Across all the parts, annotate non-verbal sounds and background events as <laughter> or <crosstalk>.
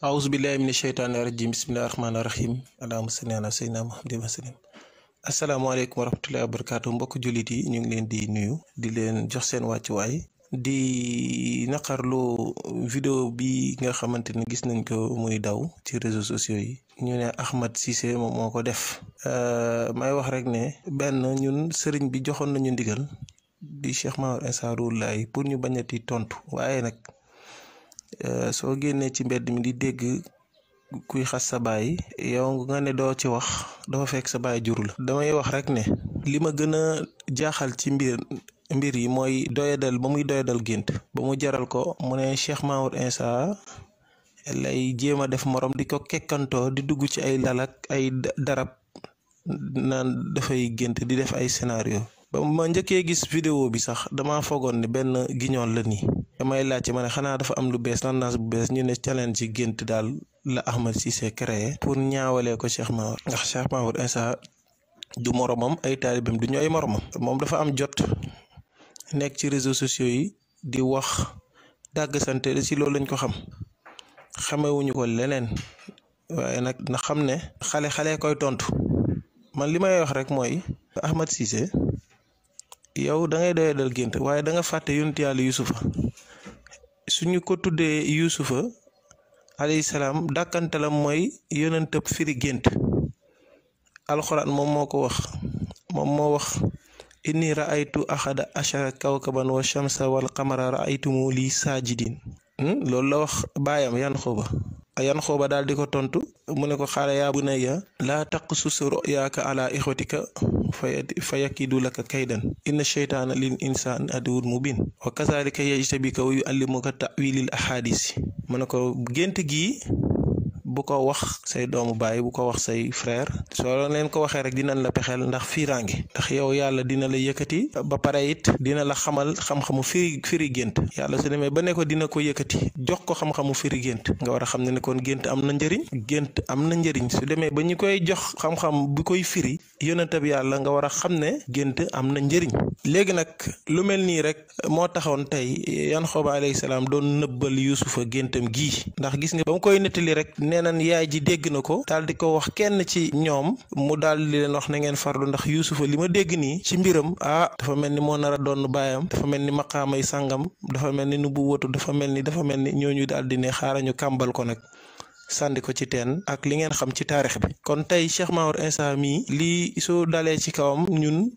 aus billahi mina sheytaani rajim bismillahi rahmaani rahim allahumma salli ala sayyidina muhammadin wa sallim asalaamaaleykum wa rahmatullahi wa barakaatu mbokk jullit yi ñu ngi leen di nuyu di leen jox seen wàcc wàccuwaay di naqarlu vidéo bi nga xamante ni gis nañ ko muy daw ci réseaux sociaux yi ñu ne Ahmed Cissé moom moo ko def euh, may wax rek ne benn ñun sëriñ bi joxoon nañu ndigal di Cheikh Mawar Insa Rouhou Laye pour ñu bañati tontu waaye nag Euh, soo génnee ci mbedd mi di dégg kuy xas sa baay yow nga ne doo ci wax dafa fekk sa baay juru la damay wax rek ne li ma gën a jaaxal ci mbir mbir yi mooy doyadal ba muy doyadal gént ba mu jaral ko mu ne Cheikh Mamour Insa lay jéem a def moroom di ko kekkantoo di dugg ci ay lalak ay darab naan dafay gént di def ay scénario ba ma njëkkee gis vidéo bi sax dama foogoon ne benn giñoon la nii damay laajte ma ne xanaa dafa am lu bees tendance bu bees ñu ne challenge gént daal la Ahmed Cissé créé pour ñaawalee ko Cheikh Maour ndax Cheikh Maour instant du moromam ay taalibeem du ñu ay moromam moom dafa am jot nekk ci réseau sociaux yi di wax dàgg sante si loolu lañ ko xam xamewuñu ko leneen waaye nag na xam ne xale xale koy tontu man li may wax rek mooy Ahmed Cissé yow da ngay doyadal gént waaye da nga fàtte yonent Yàlla Yusufa suñu ko tuddee yuusufa alayhi salaam dàkkantalam mooy yonentëb firi gént alxuraan moom moo ko wax moom moo wax inni raaytu axada achara kawkaban wa shamsa wal qamara raaytumu lii saajidin hmm? loolu la wax baayam yan xuba Yanqooba daal di ko tontu mu ne ko xaala yaa bunayya laa taqsus ru'yaaka ala ixwatika fa yakidu laka kaydan inna sheytaana lil insaani aduwwun mubin wa kazalika yajtabika wa yuallimuka ta'wilil ahadisi mu ne ko gént gi bu ko wax say doomu baay bu ko wax say frère soo leen ko waxee rek dinañ la pexeel ndax fiiraangi ndax yow yàlla dina la yëkkati ba pare it dina la xamal xam-xamu firi gént yàlla su demee ba ne dina ko yëkkati jox ko xam-xamu gént nga war a xam ne ne kon gént am na njëriñ gént am na njëriñ su demee ba ñu koy jox xam-xam bu koy firi yonentab yàlla nga war a xam ne gént am na njëriñ léegi nag lu mel nii rek moo taxoon tey yan xooba alayhi salaam doon nëbbal yuusufa géntam gii ndax gis nga ba mu koy nettali rek nee yaay ji dégg na ko daal di ko wax kenn ci ñoom mu daal di leen wax na ngeen farlu ndax yuusufa li ma dégg nii ci mbiram ah dafa mel ni moo nar a doon baayam dafa mel ni maqaamay sàngam dafa mel ni nu bu wóotu dafa mel ni dafa mel ni ñooñu daal di ne xaarañu kàmbal ko nag sànni ko ci teen ak li ngeen xam ci taarix bi kon tey Cheikh Mamour Insa mii lii soo dalee ci kawam ñun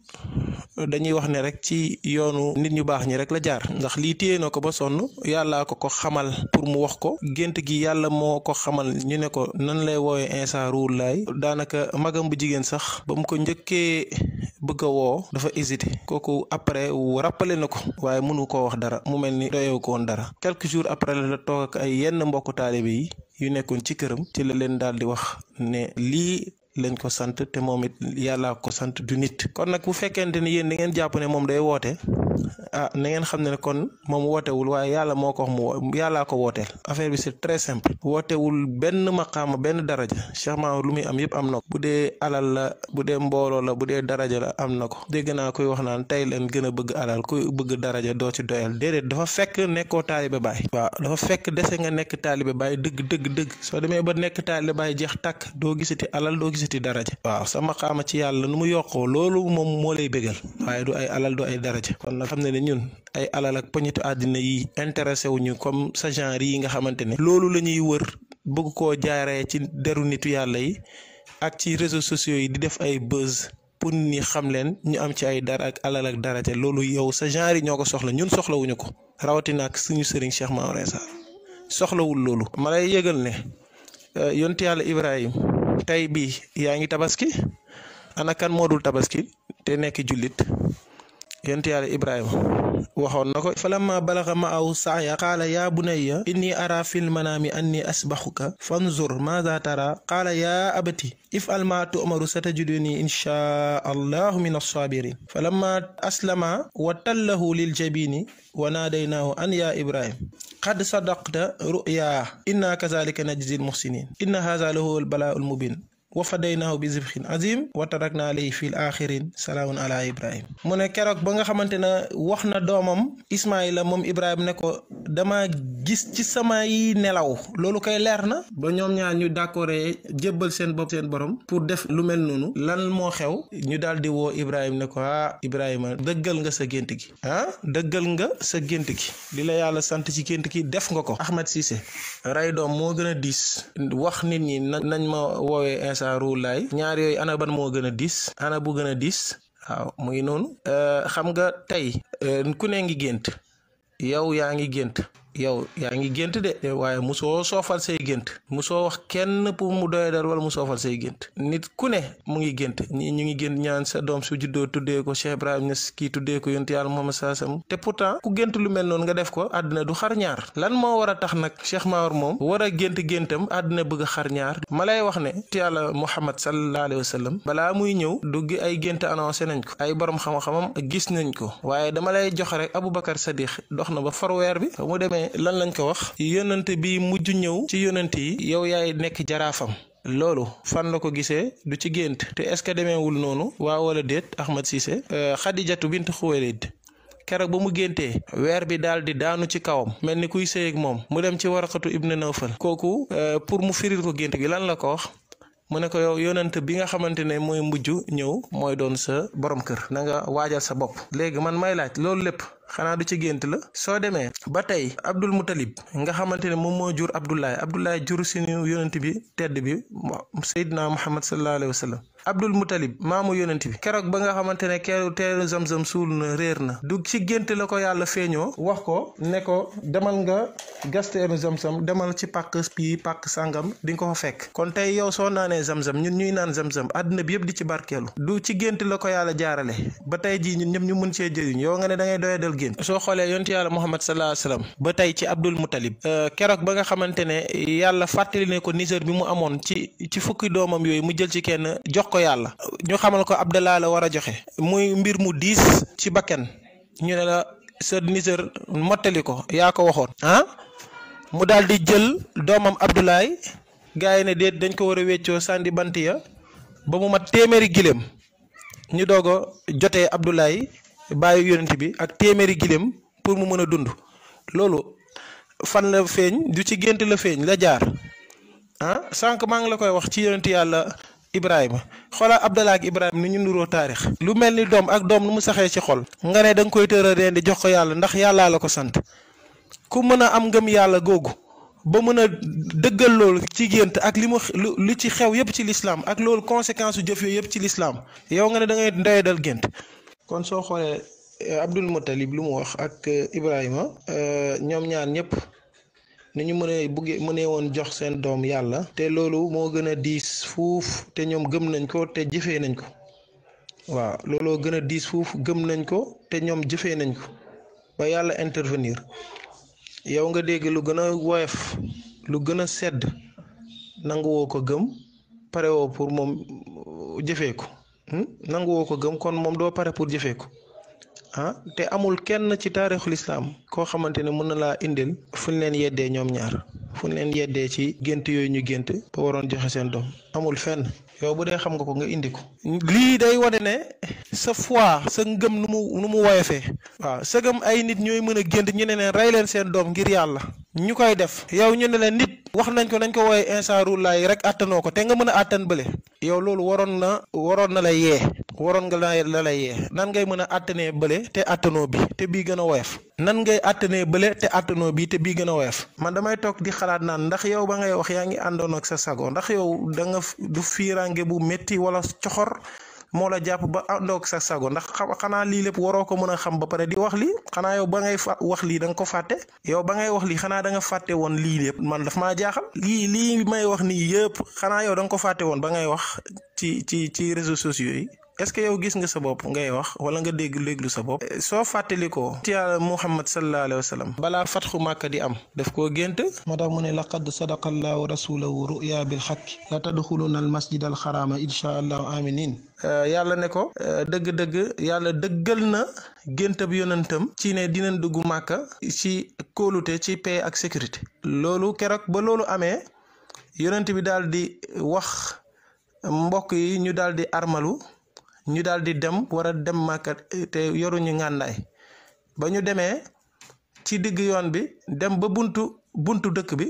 dañuy wax ne rek ci yoonu nit ñu baax ñi rek la jaar ndax lii téye na ko ba sonn yàllaa ko ko xamal pour mu wax ko gént gi yàlla moo ko xamal ñu ne ko nan lay woowee Insa Ruuhu Laay daanaka magam bu jigéen sax ba mu ko njëkkee bëgg a woo dafa hésité kooku après rappelé na ko waaye mënu koo wax dara mu mel ni doyewu koon dara quelque jour après la toog ak ay yenn mbokku taalibe yi yu nekkoon ci këram ci la leen daal di wax ne lii lañ ko sant te moom it yàllaa ko sant du nit kon nag bu fekkente ni yéen da ngeen jàpp ne moom day woote ah na ngeen xam ne kon moom wootewul waaye yàlla moo ko wax mu yàllaa ko wooteel affaire bi c'est très simple wootewul benn maqaama benn daraja Cheikh Maama lu muy am yëpp am na ko bu dee alal la bu dee mbooloo la bu dee daraja la am na ko dégg naa koy wax naan tey leen gën a bëgg alal kuy bëgg daraja doo ci doyal déedéet dafa fekk nekkoo taalibe baay waaw yëkkati daraja waaw sa maqaama ci yàlla nu mu yokkoo loolu moom moo lay bégal waaye du ay alal du ay daraja kon nag xam ne ne ñun ay alal ak poñitu àddina yi intéressé wuñu comme sa genre yi nga xamante ne loolu la ñuy wër bëgg koo jaaree ci deru nitu yàlla yi ak ci réseaux sociaux yi di def ay buzz pour ni xam leen ñu am ci ay dara ak alal ak daraja loolu yow sa genre yi ñoo ko soxla ñun soxlawuñu ko rawatina ak suñu sëriñ Cheikh Maodo Sarr soxlawul tey bi yaa ngi tabaski ana kan moo tabaski te nekk jullit yonent yàlla Ibrahima waxoon na ko falamma balaga ma'ahu saaya qaala yaa bunayya inni ara fil manaami anni asbaxuka fanzur maada tara qaala yaa abati if'al maa tu'maru satajiduni inshaa allahu min assaabiriin falamma aslama wa tallahu lil jabini wa naadaynaahu an yaa Ibrahima qad sadaqta ru'yaa inna kazalika najzil muhsinin inna haza lahu al balaa al mubin wa fadaynaahu bi zibxin azim wa tarakna alayhi fil axirin salaamun ala ibrahim mu ne keroog ba nga xamante ne wax na doomam la moom ibrahim ne ko dama gis ci samay nelaw loolu koy leer na ba ñoom ñaar ñu d'accord jébbal seen bopp seen boroom pour def lu mel noonu lan moo xew ñu daal di woo ibrahim ne ko ah ibrahima dëggal nga sa gént gi ah dëggal nga sa gént gi li la yàlla sant ci gént gi def nga ko Ahmed Cissé rey doom moo gën a diis wax saa ruul laay ñaar yooyu ana ban moo gën a diis ana bu gën a diis waaw mu ngi noonu eh, xam nga tey eh, ku ne ngi gént yow yaa ngi gént yow yaa ngi gént de waaye mu musoo soofal say gént musoo wax kenn pour mu doy dal wala mu soofal say gént nit ku ne mu ngi gént ñi ñu ngi gént ñaan sa doom su juddoo tuddee ko Cheikh Ibrahim Niass kii tuddee ko yonent Yàlla Muhammad saasam te pourtant ku gént lu mel noonu nga def ko àddina du xar ñaar lan moo war a tax nag Cheikh Mawar moom war a gént géntam àddina bëgg xar ñaar ma lay wax ne yonent Yàlla Muhammad sallallahu alayhi wa sallam balaa muy ñëw dugg ay gént annoncé nañ ko ay borom xam-xamam gis nañ ko waaye dama lay jox rek Aboubacar Sadiq dox na lan lañ ko wax yonent bi mujj ñëw ci yonent yi yow yaay nekk jaraafam loolu fan la ko gisee du ci gént te est ce que demeewul noonu waa wala déet Ahmad Cissé euh, jatu bint Xuwaylid keroog ba mu géntee weer bi daal di daanu ci kawam mel ni kuy sëy moom mu dem ci waraqatu ibn Nawfal kooku euh, pour mu firil ko gént gi lan la ko wax mu ne ko yow yonent bi nga xamante ne mooy mujj ñëw mooy doon sa boroom kër na nga waajal sa bopp léegi man may laaj loolu lépp xanaa du ci gént la soo demee ba tey Abdul Mutalib nga xamante ne moom moo jur Abdoulaye Abdoulaye jur suñu yonent bi tedd bi Seydina Muhammad sallallahu alayhi wa sallam Abdul Mutalib maamu yonent bi keroog ba nga xamante ne keeru teeru zamzam suul na réer na du ci gént la ko yàlla feeñoo wax ko ne ko demal nga gas teeru zamzam demal ci pàkk bii pàkk sàngam di nga ko fekk kon tey yow soo naanee zamzam ñun ñuy naan zamzam àdduna bi yëpp di ci barkeelu du ci gént la ko yàlla jaarale ba tey jii ñun ñëpp ñu mën see jëriñ yow nga da ngay doyadal gént soo xoolee yonent yàlla Muhammad sallallahu alayhi wasallam ba tey ci Abdul Mutalib euh, keroog ba nga xamante ne yàlla fàttali ne ko niseer bi mu amoon ci ci fukki doomam yooyu mu jël ci kenn jox ko yàlla ñu xamal ko Abdallah la war a joxe muy mbir mu diis ci bakken ñu ne la sa niseur mottali ko yaa ko waxoon ah mu daal di jël doomam Abdoulaye gars yi ne déet dañ ko war a wéccoo sandi bant ya ba mu mat téeméeri giléem ñu doog a jotee Abdoulaye bàyyi yonent bi ak téeméeri giléem pour mu mën a dund loolu fan la feeñ du ci gént la feeñ la jaar ah maa ngi la koy wax ci yonent yàlla Ibrahima xoolal Abdallah ak Ibrahima ni ñu nuroo taarix lu mel ni doom ak doom nu mu saxee ci xol nga ne da koy tëral reen di jox ko yàlla ndax yàllaa la ko sant ku mën a am ngëm yàlla googu ba mën a dëggal loolu ci gént ak li mu lu ci xew yëpp ci lislaam ak loolu conséquence su jëf yooyu yëpp ci lislaam yow nga ne dangay ngay ndoyadal gént kon soo xoolee eh, Abdul Muttalib lu mu wax ak eh, Ibrahima eh, ñoom ñaar ñëpp. ni ñu mënee buggee mënee woon jox seen doom yàlla te loolu moo gën a diis fuuf te ñoom gëm nañ ko te jëfee nañ ko waaw looloo gën a diis fuuf gëm nañ ko te ñoom jëfee nañ ko ba yàlla intervenir yow nga dégg lu gën a woyof lu gën a sedd nanguwoo ko gëm parewoo pour moom jëfee ko hmm? nanguwoo ko gëm kon moom doo pare pour jëfee ko. ah te amul kenn ci taarixul islaam koo xamante ne mën na laa indil fu ñu leen yeddee ñoom ñaar fu ñu leen yeddee ci gént yooyu ñu gént ba waroon joxe seen doom amul fenn yow bu dee xam nga ko nga indi ko lii day wane ne sa fois sa ngëm nu mu nu mu woyofee waaw sa ngëm ay nit ñooy mën a gént ñu ne leen rey leen seen doom ngir yàlla ñu koy def yow ñu ne leen nit wax nañ ko nañ ko wooye lay rek àttanoo ko te nga mën a àttan bële yow loolu waroon na waroon na la yee waroon nga la la yee nan ngay mën a àttanee bële te àttanoo bi te bii gën a woyof nan ngay àttanee bële te àttanoo bi te bii gën a woyof man damay toog di xalaat naan ndax yow ba ngay wax yaa ngi àndoon ak sa sago ndax yow da nga du fiiraange bu métti wala coxor moo la jàpp ba àndoog sa sago ndax xam xanaa lii lépp waroo ko mën a xam ba pare di wax lii xanaa yow ba ngay fa wax lii da nga ko fàtte yow ba ngay wax lii xanaa da nga fàtte woon lii lépp man dafa maa jaaxal lii lii may wax nii yëpp xanaa yow da nga ko fàtte woon ba ngay wax ci ci ci réseaux sociaux yi est ce que yow gis nga sa bopp ngay wax wala nga dégg léeglu sa bopp soo fàttalikoo yàlla muhammad sallallahu alayhi wa sallam balaa fatxu màkka di am def koo gént moo tax mu ne laqad sadaqa allahu rasulahu ruya bil xaqi la tadxuluna al masjid al xaraama insha allahu aminin euh, yàlla ne ko euh, dëgg-dëgg yàlla dëggal na géntab yonentam ci ne dinañ dugg màkka ci kóolute ci paix ak sécurité loolu keroog ba loolu amee yonent bi daal di wax mbokk yi ñu daal di armalu ñu daal di dem war a dem Màkka te yoruñu ngàndaay ba ñu demee ci digg yoon bi dem ba buntu buntu dëkk bi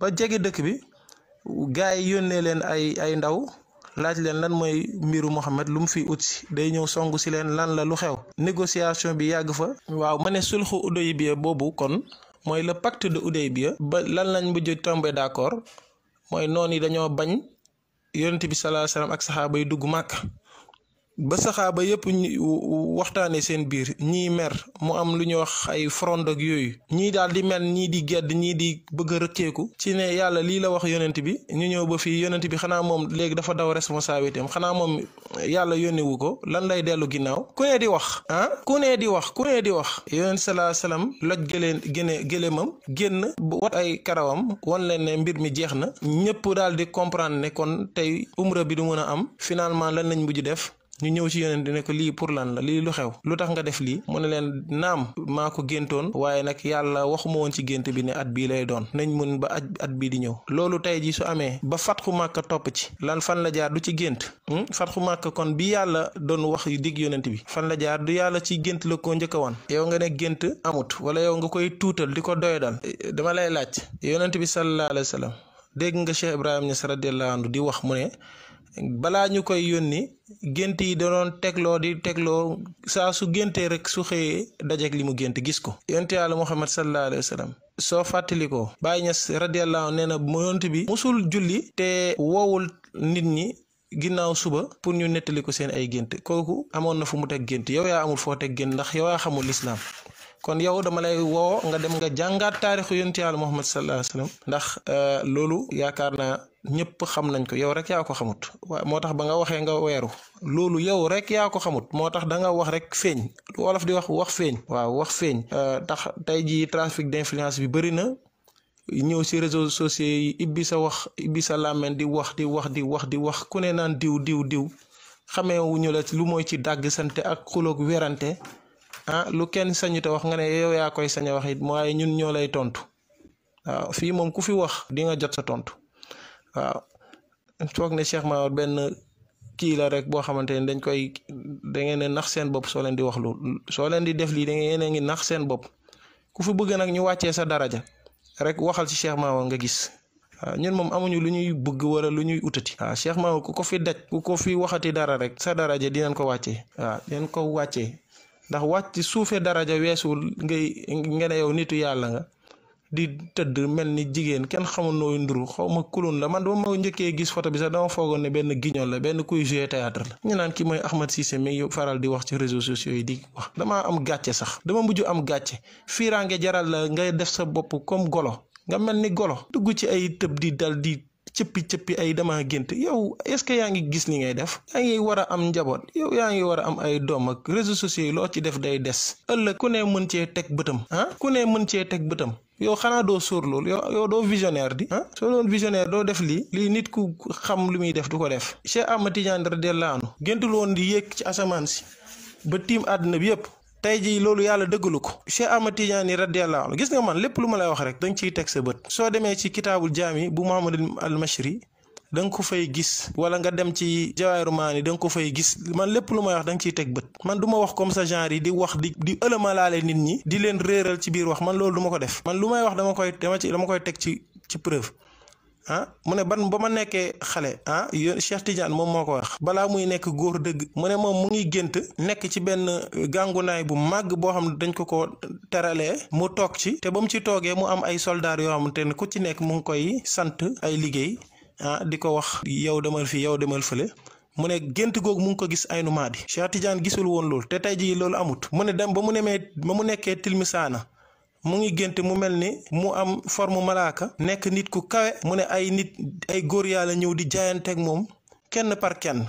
ba jege dëkk bi gars yi yónnee leen ay ay ndaw laaj leen lan mooy mbiru Muhammad lu mu fi ut day ñëw songu si leen lan la lu xew négociation bi yàgg fa waaw ma ne sulxu Hudaybiya boobu kon mooy le pacte de Hudaybiya ba lan lañ mujj tombé d'accord mooy noon yi dañoo bañ yonent bi sallallahu ak saxaaba yi dugg Màkka ba saxaaba yépp waxtaane seen biir ñii mer mu am lu ñuy wax ay frond ak yooyu ñii daal di mel ñii di gedd ñii di bëgg a rëcceeku ci ne yàlla lii la wax yonent bi ñu ñëw ba fii yonent bi xanaa moom léegi dafa daw responsabilité am xanaa moom yàlla yónnewu ko lan lay dellu ginnaaw ku ne di wax ah ku ne di wax ku ne di wax yonent salaa salaam loj gëleen gëne gëléemam génn wat ay karawam wan leen mbir mi jeex na ñëpp daal di comprendre ne kon tey umra bi du mën a am finalement lan lañ mujj def ñu ñëw ci yonent ne ko lii pour lan la lii lu xew lu tax nga def lii mu ne leen naam maa ko géntoon waaye nag yàlla waxuma woon ci gént bi ne at bii lay doon nañ mun ba at bii di ñëw loolu tey ji su amee ba fat fatxu màkka topp ci lan fan la jaar du ci gént hmm? fatxu màkka kon bi yàlla doon wax yu dig bi fan la jaar du yàlla ci gént la ko njëkk a wan yow nga ne gént amut wala yow nga koy tuutal di ko doyadal dama lay laaj yonent bi sallallahu alayhi wa sallam dégg nga Cheikh Ibrahima Niass la anhu di wax mu ne balaa ñu koy yónni gént yi da tegloo di tegloo saa su géntee rek su xëyee dajeek li mu gént gis ko yonent yàlla muhammad sallallahu alayhi wa sallam soo fàttalikoo Baay Ñas nee na yonent bi musul julli te woowul nit ñi ginnaaw suba pour ñu nettali ko seen ay gént kooku amoon na fu mu teg gént yow yaa amul foo teg gént ndax yow yaa xamul lislaam kon yow dama lay woo nga dem nga jàngaat taarixu yonent yàlla Muhammad sallallahu alayhi wasallam ndax euh, loolu yaakaar naa ñëpp xam nañ ko yow rek yaa ko xamut moo tax ba nga waxee nga weeru loolu yow rek yaa ko xamut moo tax danga wax rek feeñ lu wolof di wax wax feeñ waaw wax feeñ tax euh, tey jii trafic d'influence bi bëri na. ñëw si réseau sociaux yi ibbi sa wax ibbi sa làmmiñ di wax di wax di wax di wax ku ne naan diw diw diw xamee wuñu la lu mooy ci dàgg sante ak xuloog werante ah lu kenn sañute wax nga ne yow yaa koy sañ a wax it waaye ñun ñoo lay tontu waaw fii moom ku fi wax di nga jot sa tontu waaw foog ne Cheikh Maodo benn kii la rek boo xamante ne dañ koy da ngeen ne seen bopp soo leen di wax lool soo leen di def lii da ngeen a ngi nax seen bopp ku fi bëgg nag ñu wàccee sa daraja rek waxal ci Cheikh Maodo nga gis. waaw ñun moom amuñu lu ñuy bëgg wala lu ñuy utati waaw Cheikh ku ko fi daj ku ko fi waxati dara rek sa daraja dinañ ko wàccee waaw dinañ ko wàccee. ndax wàcc ci suufee daraja weesul ngay nga ne nitu yàlla nga di tëdd mel ni jigéen kenn xamul nooy nduru xaw ma kulun la man ba ma njëkkee gis photo bi sax dama foogoon ne benn guignol la benn kuy jouer théâtre la ñu naan ki mooy Ahmed Cissé mi faral di wax ci réseaux sociaux yi di wax dama am gàcce sax dama mujj am gàcce fiiraange jaral la ngay def sa bopp comme golo nga mel ni golo dugg ci ay tëb di dal di cëppi cëppi ay dama gént yow est ce que yaa ngi gis li ngay def yaa ngi war a am njaboot yow yaa ngi war a am ay doom ak réseaux sociaux yi loo ci def day des ëllëg ku ne mën cee teg bëtam ah ku ne mën cee teg bëtam yow xanaa doo sóor loolu yow yow doo visionnaire di ah soo doon visionnaire doo def lii lii nit ku xam lu muy def du ko def Cheikh Ahmad Tidiane radiyallahu anhu géntul woon di yéeg ci asamaan si ba tiim àdduna bi yëpp tey jii loolu yàlla dëggalu ko Cheikh Ahmad Tidiane radiyallahu anhu gis nga man lépp lu ma lay wax rek da nga teg sa bët soo demee ci kitaabul jaami bu Muhammad al Mashri da ko fay gis wala nga dem ci jawaaru maan yi danga ko fay gis man lépp lu may wax da nga ciy teg bët man du ma wax comme sa genre yi di wax di di ëlëmalaale nit ñi di leen réeral ci biir wax man loolu du ma ko def man lu may wax dama koy dama ci dama koy teg ci ci preuve ah mu ne ban ba ma nekkee xale ah yoon Cheikh moom moo ko wax balaa muy nekk góor dëgg mu ne moom mu ngi gént nekk ci benn gàngunaay bu màgg boo xam ne dañ ko ko teralee mu toog ci te ba mu ci toogee mu am ay soldaar yoo xamante ne ku ci nekk mu ngi koy sant ay liggéey ah di ko wax yow demal fii yow demal fële. mu ne gént googu mu ngi ko gis aynu maadi Cheikh Tidiane gisul woon loolu te tey jii loolu amut mu ne dem ba mu nemee ba mu nekkee tilmisaana mu ngi gént mu mel ni mu am forme malaaka nekk nit ku kawe mu ne ay nit ay góor yàlla ñëw di jaayanteeg moom kenn par kenn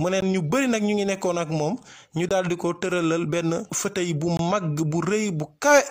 mu ne ñu bëri nag ñu ngi nekkoon ak moom ñu daal di ko tëralal benn fauteuil bu màgg bu rëy bu kawe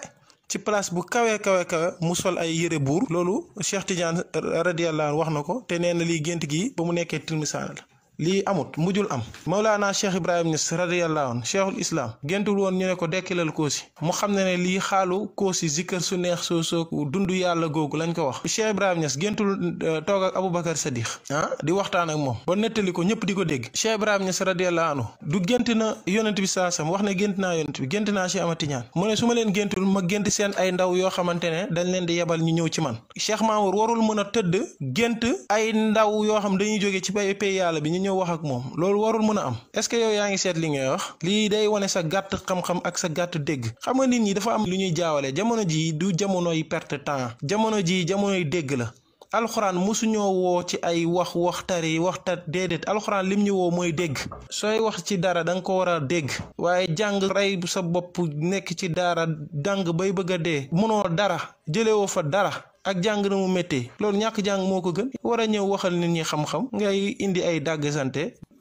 ci place bu kawe kawe kawe mu sol ay yére buur loolu Cheikh Tidiane radiyallahu wax na ko te nee na liy gént gi ba mu nekkee tilmisaana la lii amut mujjul am Mawlaana Cheikh Ibrahim Niass radiyallahu anhu cheikhul islam géntul woon ñu ne ko dekkilal koosi mu xam ne ne lii xaalu koosi zikkër su neex soo soo dund yàlla googu lañ ko wax Cheikh Ibrahim ñas géntul euh, toog ak Aboubacar Sadiq ah di waxtaan ak moom ba nettali ko ñëpp di ko dégg Cheikh Ibrahim Niass radiyallahu anhu du gént na yonent bi saa sam wax ne gént naa yonent bi gént naa Cheikh Amati Ñaan mu ne su ma leen géntul ma gént seen ay ndaw yoo xamante ne dañ leen di yebal ñu ñëw ci man Cheikh Mamour warul mën a tëdd gént ay ndaw yoo xam ñëw wax ak moom loolu warul mën a am est ce que yow yaa ngi seet li ngay wax lii day wane sa gàtt xam-xam ak sa gàtt dégg xam nga nit ñi dafa am lu ñuy jaawale jamono jii du jamonoy perte temps jamono jii jamono yi dégg la alxuraan mosuñoo woo ci ay wax waxtari waxtat déedéet alxuraan lim ñu woo mooy dégg sooy wax ci dara da nga ko war a dégg waaye jàng rey sa bopp nekk ci daara dàng bay bëgg a dee mënoo dara jëlewoo fa dara ak jàng na mu méttee loolu ñàkk jàng moo ko gën war a ñëw waxal nit ñi xam-xam ngay indi ay dàgg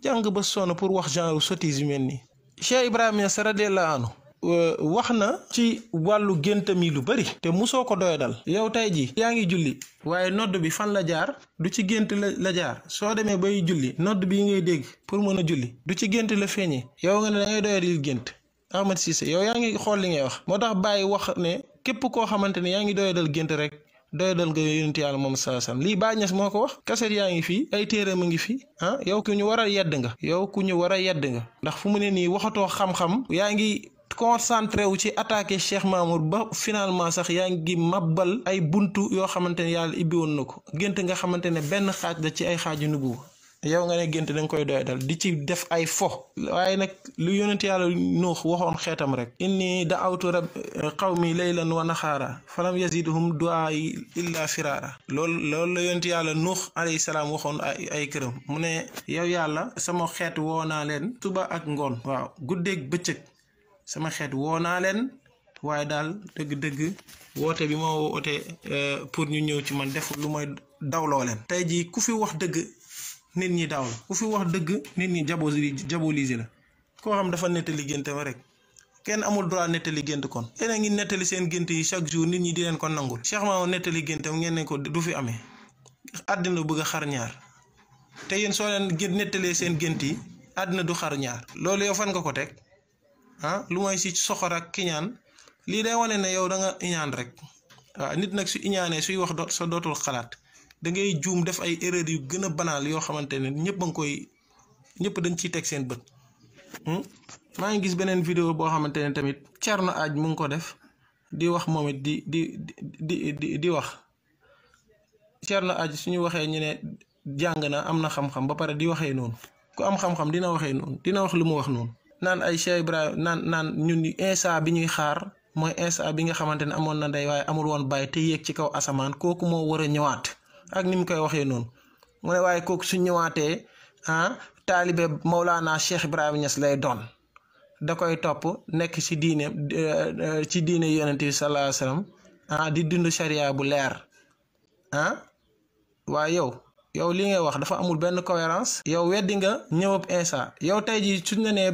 jàng ba sonn pour wax genre sottise yu mel nii Cheikh Ibrahima Niass radiyallahu anhu euh, wax na ci wàllu géntam yi lu bari te musoo ko doyadal yow tey ji yaa ngi julli waaye nodd bi fan la jaar du ci gént la la jaar soo demee bay julli nodd bi ngay dégg pour mën a julli du ci gént la feeñee yow nga ne da ngay doyadil gént Ahmed Cissé yow yaa ngi xool li ngay wax moo tax bàyyi wax ne képp koo xamante ne yaa ngi doyadal gént rek doyadal nga yonent yàlla moom saa sam lii baa Ñas moo ko wax kaset yaa ngi fii ay téeram a ngi fii ah yow ku ñu war a yedd nga yow ku ñu war a yedd nga ndax fu mu ne nii waxatoo xam-xam yaa ngi concentré wu ci attaqué Cheikh Mamour ba finalement sax yaa ngi mabbal ay bunt yoo xamante ne yàlla ibbi woon na ko gént nga xamante ne benn xaaj la ci ay xaaju nubuwa yow nga ne gént da koy doy dal di ci def ay fo waaye nag lu yonent yàlla nuux waxoon xeetam rek inni da awtu rab qawmi laylan wa naxaara falam yazidhum duaayi illa firaara lool lool la yonent yàlla nuux alayhi salaam waxoon ay këram mu ne yow yàlla sama xeet woo naa leen tuba ak ngoon waaw guddeeg bëcëg sama xeet woo naa leen waaye daal dëgg-dëgg woote bi ma woote euh, pour ñu ñëw ci man def lu may dawloo leen tey jii ku fi wax dëgg nit ñi daaw la ku fi wax dëgg nit ñi jabo jabolise la koo xam dafa nettali gént rek kenn amul droit nettali gént kon yéen a ngi nettali seen gént yi chaque jour nit ñi di leen ko nangul Cheikh Mamadou nettali géntam ngeen ne ko du fi amee àddina a xar ñaar te yéen soo leen nettalee seen gént yi àddina du xar ñaar loolu fan nga ko teg ah lu mooy si soxor ak kiñaan lii day wane ne yow da nga iñaan rek nit nag su iñaanee suy wax sa dootul xalaat dangay juum def ay erreur yu gën a banaal yoo xamante ne ñëpp a ngi koy ñëpp dañ ciy teg seen bët. Hmm? maa ngi gis beneen vidéo boo xamante ne tamit Thierno aj mu ngi ko def di wax moom it di di di di di wax Thierno Aaj suñu waxee ñu ne jàng na am na xam-xam ba pare di waxee noonu ku am xam-xam dina waxee noonu dina wax lu mu wax noonu. naan ay Cheikh Ibrahima naan naan ñun instant bi ñuy xaar mooy instant bi nga xamante ne amoon na ndey waaye amul woon bàyyi te yéeg ci kaw asamaan kooku moo war ñëwaat. ak ni mu koy waxee noonu mu ne waaye kooku su ñëwaatee ah taalibe Maulana Cheikh Ibrahima ñas lay doon da koy topp nekk ci diine eh, ci diine yonent bi sallallahu ah, di dund charia bu leer ah waaye yow yow li ngay wax dafa amul benn cohérence yow weddi nga ñëwab Insa yow tey jii suñ ne nee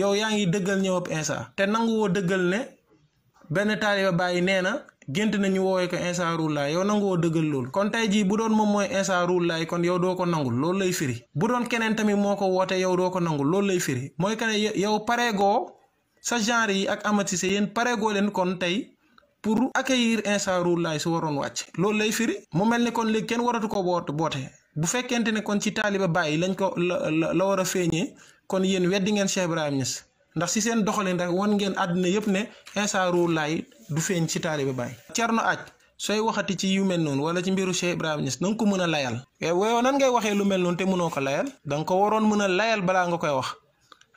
yow yaa ngi dëggal ñëwab Insa te nanguwoo dëggal ne benn taalibe bàyyi nee na gént nañu woowee ko Isa Ruuhu Laay yow nanguwoo dëggal lool kon tey jii bu doon moom mooy Isa Ruuhu Laay kon yow doo ko nangu loolu lay firi bu doon keneen tamit moo ko woote yow doo ko nangul loolu lay firi mooy que ne paree pareegoo sa genre yi ak amatise yéen pareegoo leen kon tey pour accueillir Isa Ruuhu Laay su waroon wàcc loolu lay firi mu mel ni kon léegi kenn waratu ko boot boote bu fekkente ne kon ci taaliba bàyyi lañ ko la la war a féeñee kon yéen weddi ngeen Cheikh Ibrahim ndax si seen doxalin rek wan ngeen àdduna yëpp ne Insa Rouhou Laye du feeñ ci taalibe Baay Cerno aj sooy waxati ci yu mel noonu wala ci mbiru Cheikh Ibrahima Niass na ko mën a layal eh, woow nan ngay waxee lu mel noonu te mënoo ko layal da nga ko waroon mën a layal balaa nga koy wax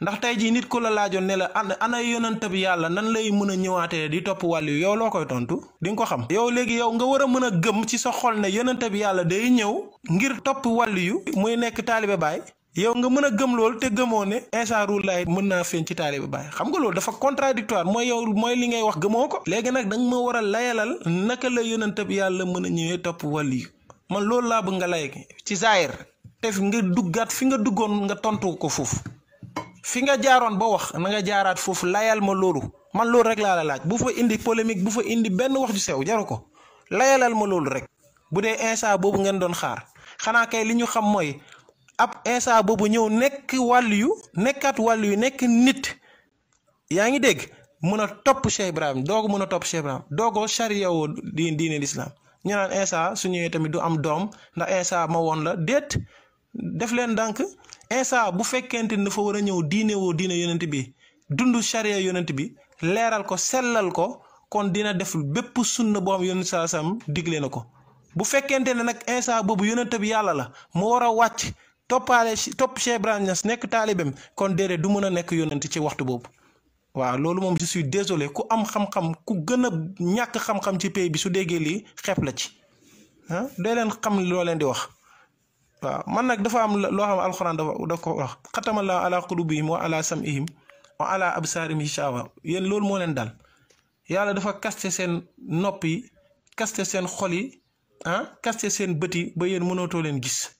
ndax tey jii nit ku la laajoon ne la ana ana yonent bi yàlla nan lay mën a ñëwaatee di topp wàll yu yow loo koy tontu dinga ko xam yow léegi yow nga war a mën a gëm ci sa xol ne yonent bi day ñëw ngir topp wàll yu muy nekk taalibe baay yow nga mën a gëm loolu te gëmoo ne Isa Ruuhu Laay mën naa feeñ ci taalibe Baay xam nga loolu dafa contradictoire mooy yow mooy li ngay wax gëmoo ko léegi nag danga ma war a layalal naka la yonent bi yàlla mën a ñëwee topp wàlliyu man loolu laa bëgg nga lay ci zaahir te nga duggaat fi nga duggoon nga tontu ko foofu fi nga jaaroon ba wax na nga jaaraat foofu layal ma loolu man loolu rek laa la laaj bu fa indi polémique bu fa indi benn wax ju sew jaru ko layalal ma loolu rek bu dee Isa boobu ngeen doon xaar xanaa li ñu xam mooy ab Isa boobu ñëw nekk wàll yu nekkaat wàll yu nekk nit yaa ngi dégg mën a topp Cheikh Ibrahim doogo mën a topp Cheikh Ibrahim doogo charia woo di diine lislaam ñu naan su ñëwee tamit du am doom ndax Isa ma la déet def leen ndànk Isa bu fekkente ni dafa a ñëw diine woo diine yonent bi dund charia yonent bi leeral ko sellal ko kon dina def bépp sunna boo xam yonent saa sam digle na ko bu fekkente nag Isa boobu yonent bi yàlla la mu war a wàcc toppaale topp Cheikh Ibrahima Niass nekk taalibeem kon déedéet du mën a nekk yónent ci waxtu boobu waaw loolu moom je suis désolé ku am xam-xam ku gën a ñàkk xam-xam ci pays bi su déggee lii xeeb la ci ah dee leen xam loo leen di wax. waaw man nag dafa am loo xam alxuraan dafa da ko wax xatamallaahu ala qulubihim wa ala sam'ihim wa ala absaarihim yéen loolu moo leen dal yàlla dafa kaste seen noppi kaste seen xol yi ah kaste seen bët yi ba yéen mënootoo leen gis.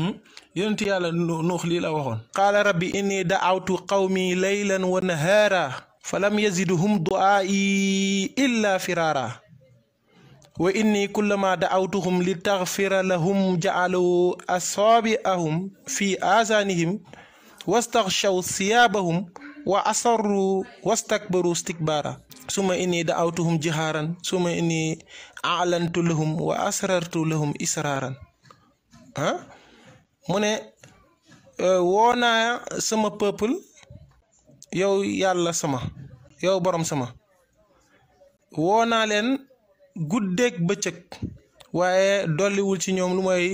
Hmm? yonent yàlla nuux lii la waxoon qaala rabbi inni daawtu qawmi laylan wa nahaara fa lam yaziduhum duaa'i illa firaara wa inni kullama daawtuhum li taxfira lahum ja'alu asaabi'ahum fi aasaanihim wastaxshaw siyaabahum wa asarru wastakbaru istikbaara suma inni daawtuhum jihaaran suma inni a'lantu lahum wa asrartu lahum israaran ah mu ne euh, woo naa sama peuple yow yàlla sama yow borom sama woo naa leen guddeeg bëccëg waaye dolliwul ci ñoom lu mooy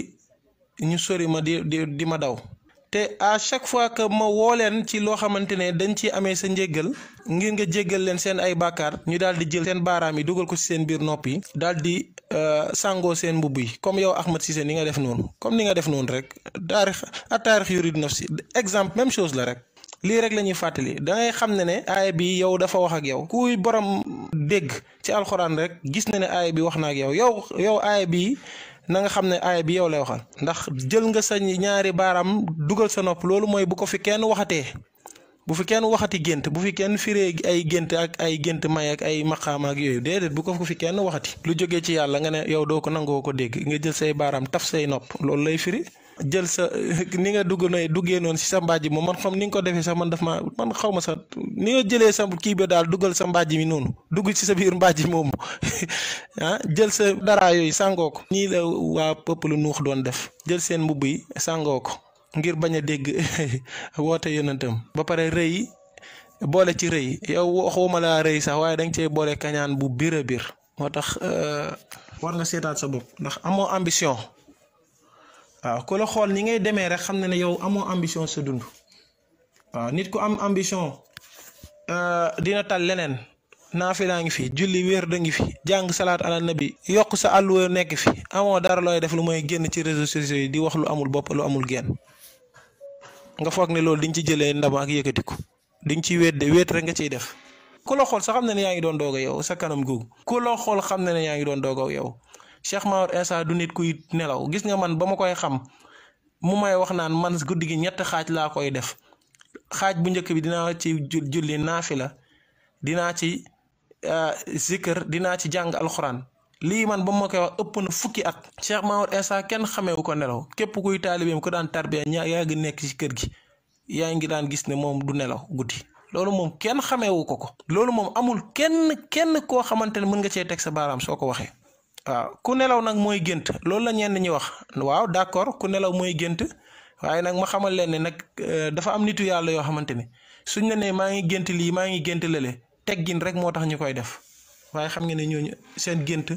ñu sori ma di di di ma daw te à chaque fois que ma woo leen ci loo xamante ne dañ ci amee sa njéggal ngir nga jéggal leen seen ay bàkkaar ñu daal di jël seen baaraam yi dugal ko ci seen biir nopp yi daal di euh, sàngoo seen mbubb yi comme yow Ahmed Cissé ni nga def noonu comme ni nga def noonu rek taarix a taarix yurid nafsi exemple même chose la rek lii rek lañuy fàttali da xam ne ne aaya bi yow dafa wax ak yow kuy borom dégg ci alxuraan rek gis na ne aaya bi wax na ak yow yow yow aaya bi na nga xam ne aaya bi yow lay waxal ndax jël nga sa ñaari baaraam dugal sa nopp loolu mooy bu ko fi kenn waxatee bu fi kenn waxati gént bu fi kenn firee ay gént ak ay gént may ak ay maqaama ak yooyu déedéet bu ko fi kenn waxati lu jóge ci yàlla nga ne yow doo ko nangoo ko dégg nga jël say baaraam taf say nopp loolu lay firi. jël sa ni nga dugg nooy duggee noonu si sa mbaaj moom man xam ni nga ko defee sax man daf ma man xaw ma ni nga jëlee sa kii bi daal duggal sa mbaaj mi noonu dugg si sa biir mbaaj moomu <laughs> ah, jël sa dara yooyu sàngoo ko. nii la waa lu nuux doon def jël seen mbubb yi sàngoo ko ngir bañ a dégg <laughs> woote yonentam ba pare rëy boole ci rëy yow waxuma laa rëy sax waaye danga cee boole kañaan bu bir a bir moo tax euh, war nga seetaat sa bopp ndax amoo ambition. waaw ku la xool ni ngay demee rek xam na ne yow amoo ambition sa dund nit ku am ambition euh, dina tal leneen naafilaa ngi fi julli wér da ngi fi jàng salaat na bi yokk sa àll àlluwa nekk fi amoo dara looy def lu mooy génn ci réseaux sociaux yi di wax lu amul bopp lu amul génn nga foog ni loolu di nga ci jëlee ndam ak yëkkatiku di nga ciy wéet de wéet rek nga ciy def ku la xool sax xam na ne yaa ngi doon doog a yow sa kanam googu ku la xool xam ne ne yaa ngi doon doog a yow. Cheikh Mawar Insa du nit kuy nelaw gis nga man ba ma koy xam mu may wax naan man guddi gi ñett xaaj laa koy def xaaj bu njëkk bi dinaa ci julli la dinaa ci euh, zikr dinaa ci jàng alxuraan lii man ba ma koy wax ëpp na fukki at. Cheikh Mawar Insa kenn xamewu ko nelaw képp kuy taalibeem ku daan tarbiya ñaa yaa ngi nekk ci kër gi yaa ngi daan gis ne moom du nelaw guddi. loolu moom kenn xameewu ko ko loolu moom amul kenn kenn koo xamante ne mën nga cee teg sa baaraam soo ko waxee waaw ku nelaw nag mooy gént loolu la ñenn ñi wax waaw d'accord ku nelaw mooy gént waaye nag ma xamal leen ne nag euh, dafa am nitu yàlla yoo xamante ne suñ la nee maa ngi gént lii maa ngi gént teg teggin rek moo tax ñu koy def waaye xam nga ne ñooñu seen gént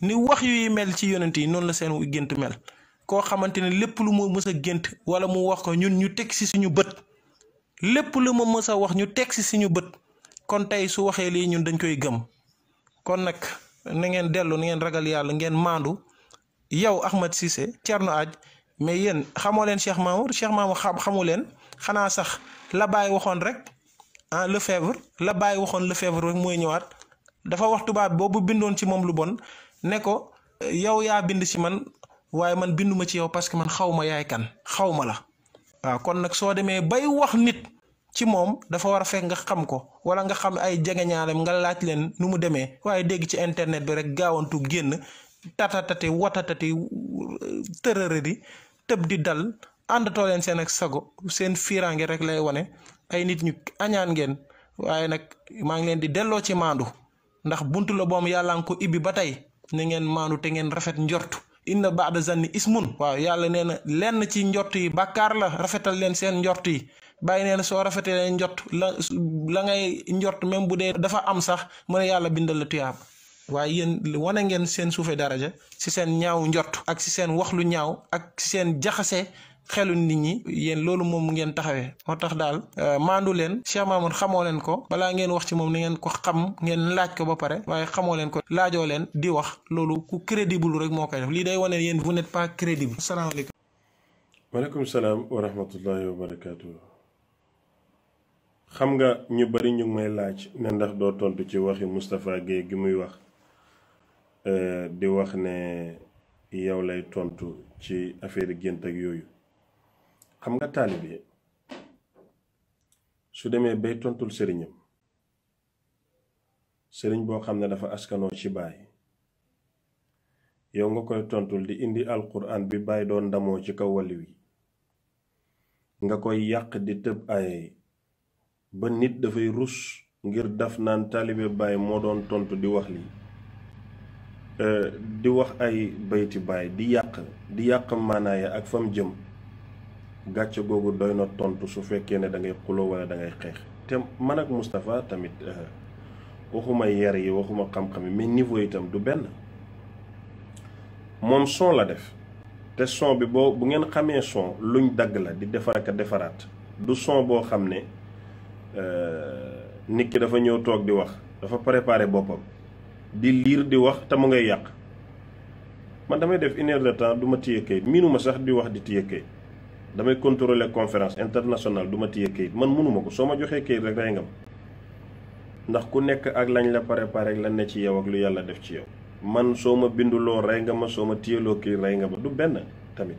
ni wax yuy mel ci yonant yi noonu la seen gént mel koo xamante ne lépp lu mu mës a gént wala mu wax ko ñun ñu teg si suñu bët lépp lu ma mës a wax ñu teg si suñu bët kon tey su waxee lii ñun dañ koy gëm na ngeen dellu na ngeen ragal yàlla ngeen maandu yow Ahmed Cissé Thierno Aaj mais yéen xamoo leen Cheikh Mamour Cheikh Mamour xam xamu leen xanaa sax la bàyyi waxoon rek ah Lefebvre la bàyyi waxoon Lefebvre rek mooy ñëwaat dafa wax tubaab boobu bindoon ci moom lu bon ne ko yow yaa bind ci man waaye man binduma ci yow parce que man xaw ma yaay kan xaw ma la waaw kon nag soo demee bay wax nit. ci moom dafa war a fekk nga xam ko wala nga xam ay jegeñaaleem nga laaj leen nu mu demee waaye dégg ci internet bi rek gaawantu génn tatatate watatati tërëre di tëb di dal àndatoo leen seen ak sago seen fiiraange rek lay wane ay nit ñu añaan ngeen waaye nag maa ngi leen di delloo ci maandu ndax buntu la boom yàlla nga ko ibbi ba tey na ngeen maandu te ngeen rafet njort inna baada zanni ismun waaw yàlla nee na lenn ci njort yi bàkkaar la rafetal leen seen njort yi bàyyi nee na soo rafetee njot la la ngay njot même bu dee dafa am sax mu ne yàlla bindal la tuyaab waaye yéen wane ngeen seen suufe daraja si seen ñaaw njot ak si seen wax lu ñaaw ak seen jaxase xelu nit ñi yéen loolu moom ngeen taxawee moo tax daal euh, maandu leen Cheikh Mamoun xamoo leen ko balaa ngeen wax ci moom ni ngeen ko xam ngeen laaj ko ba pare waaye xamoo leen ko laajoo leen di wax loolu ku crédible rek moo koy def lii day wane yéen vous n'êtes pas crédible. salaamaaleykum. waaleykum xam nga ñu bari ñu may laaj ne ndax doo tontu ci waxi Moustapha Guèye gi muy wax euh, di wax ne yow lay tontu ci affaire gént ak yooyu xam nga taalibe su demee bay tontul sëriñam sëriñ boo xam ne dafa askanoo ci baay yow nga koy tontul di indi alquran bi baay doon ndamoo ci kaw wàll wi nga koy yàq di tëb ay ba nit dafay rus ngir daf naan taalibe baay moo doon tontu di wax lii euh, di wax ay bayti baay di yàq di yàq maanaaya ak fam jëm gàcce googu doy na tontu su fekkee ne dangay ngay wala da ngay xeex te man ak Moustapha tamit euh, waxuma yar yi waxuma xam-xam yi mais niveau itam du benn moom son la def te son bi boo bu ngeen xamee son luñ dagg la di defar ak defaraat du son boo xam ne. Euh, nit ki dafa ñëw toog di wax dafa préparer boppam di liir di wax te mu ngay yàq man damay def une heure de temps du ma téye kayit ma sax di wax di téye kayit damay contrôler conférence internationale du ma téye man mënuma ko soo ma joxee kayit rek day ngam ndax ku nekk ak lañ la préparé lan ne ci yow ak lu yàlla def ci yow man soo ma binduloo rey nga ma soo ma téyeloo kayit rey nga ma du benn tamit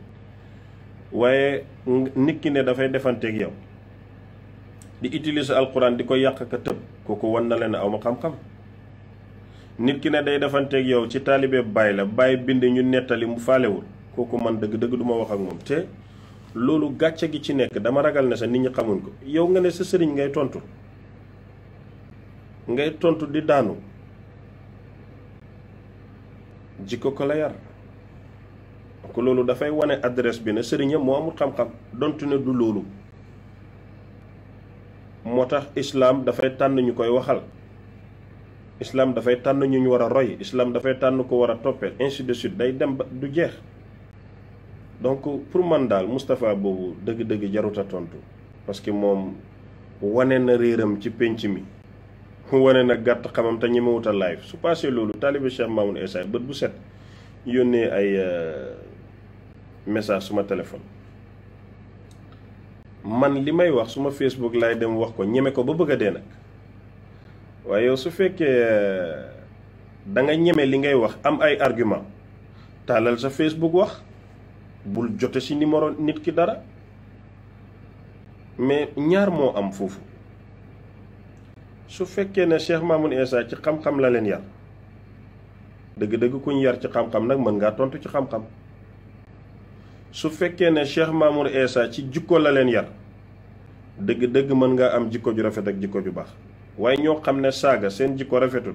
waaye nit ki ne dafay defanteeg yow di utiliser alquran di ko yàq ka tëb kooku wan na leen aw ma xam-xam nit ki ne day defanteeg yow ci taalibe bàyyi la baay bind ñu nettali mu faalewul kooku man dëgg-dëgg duma ma wax ak moom te loolu gàcce gi ci nekk dama ragal ne sa nit ñi xamuñ ko yow nga ne sa sëriñ ngay tontu ngay tontu di daanu jikko ko la yar ko loolu dafay wane adresse bi ne sëriñam moo amul xam-xam dontu ne du loolu moo tax islaam dafay tànn ñu koy waxal islaam dafay tànn ñu ñu war a roy islaam dafay tànn ko war a toppee ainsi de suite day dem ba du jeex donc pour man daal Moustapha boobu dëgg-dëgg jarut a tontu parce que moom wane na réeram ci pénc mi wane na gàtt xamam te ñemewut a live su passé loolu taalibe Cheikh Mamoun Essa bët bu set yónnee ay euh, message suma téléphone man li may wax suma Facebook laay dem wax ko ñeme ko ba bëgg a dee nag waaye su fekkee eh, da nga ñeme li ngay wax am ay argument tàllal sa Facebook wax bul jote si numéro nit ki dara mais ñaar moo am foofu su fekkee ne Cheikh Mamoun Essa ci xam-xam la leen yar dëgg-dëgg kuñ yar ci xam-xam nag mën ngaa tontu ci xam-xam su fekkee ne Cheikh Mamour Essa ci jikko la leen yar dëgg-dëgg mën nga am jikko ju rafet ak jikko ju baax waaye ñoo xam ne saaga seen jikko rafetul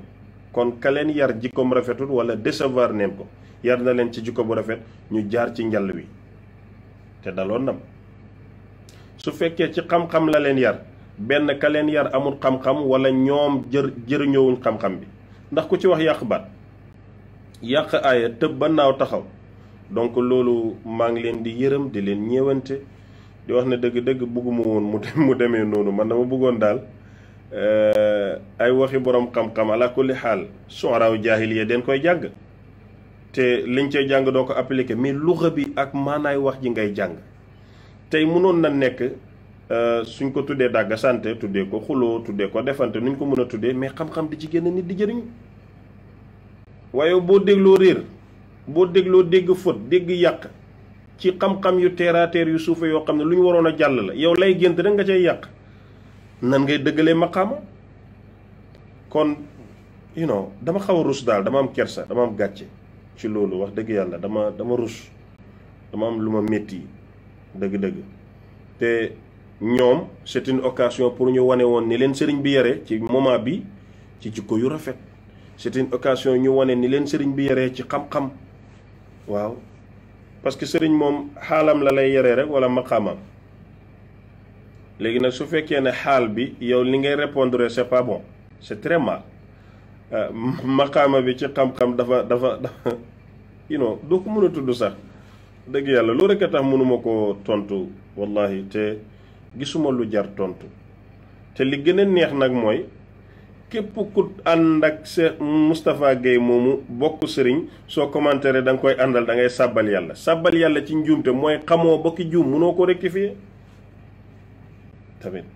kon ka yar jikkoom rafetul wala décevoir neen ko yar na leen ci jikko bu rafet ñu jaar ci njàll wi te daloo nam su fekkee ci xam-xam la leen yar benn ka yar amul xam-xam wala ñoom jër jëriñoowuñ xam-xam bi ndax ku ci wax yàq baat yàq aaya tëb ba naaw taxaw donc loolu maa ngi leen di yërëm di leen ñëwante di wax na dëgg-dëgg bëgguma woon mu <laughs> mu demee noonu man dama bëggoon daal eh, ay waxi borom xam-xam ala kulli xaal sooraaw jaahiliya den koy jàng te liñ cay jàng doo ko appliqué mais luxa bi ak maanaay wax ji ngay jàng tey mënoon na nekk eh, suñ ko tuddee dàgg sante tuddee ko xuloo tuddee ko defante nuñ ko mën a tuddee mais xam-xam di ci génn nit di jëriñu waaye boo dégloo réer boo dégloo dégg fët dégg yàq ci xam-xam yu teeraateer yu suufe yoo xam ne lu ñu waroon a jàll la yow lay gént rek nga cay yàq nan ngay dëggalee maqaama kon you dama xaw a rus daal dama am kersa dama am gàcce ci loolu wax dëgg yàlla dama dama rus dama am lu ma métti dëgg-dëgg te ñoom c'est une occasion pour ñu wane woon ni leen sëriñ bi yare ci moment bi ci jikko yu rafet c'est une occasion ñu wane ni leen sëriñ bi yaree ci xam-xam waaw parce que sëriñ moom xaalam la lay yore rek wala maqaamam léegi nag su fekkee ne xaal bi yow li ngay répondre c'est pas bon c'est très mal euh, maqaama bi ci xam-xam dafa dafa dafa you know doo ko mën a tudd sax dëgg yàlla loolu rek a tax mënuma koo tontu wallahi te gisuma lu jar tontu te li gën neex nag mooy képp ku ànd ak Cheikh Moustapha Guèye moomu bokk sëriñ soo commentaire da nga koy àndal da ngay sàbbal yàlla sàbbal yàlla ci njuumte mooy xamoo ba ki juum mënoo ko rectifier tamit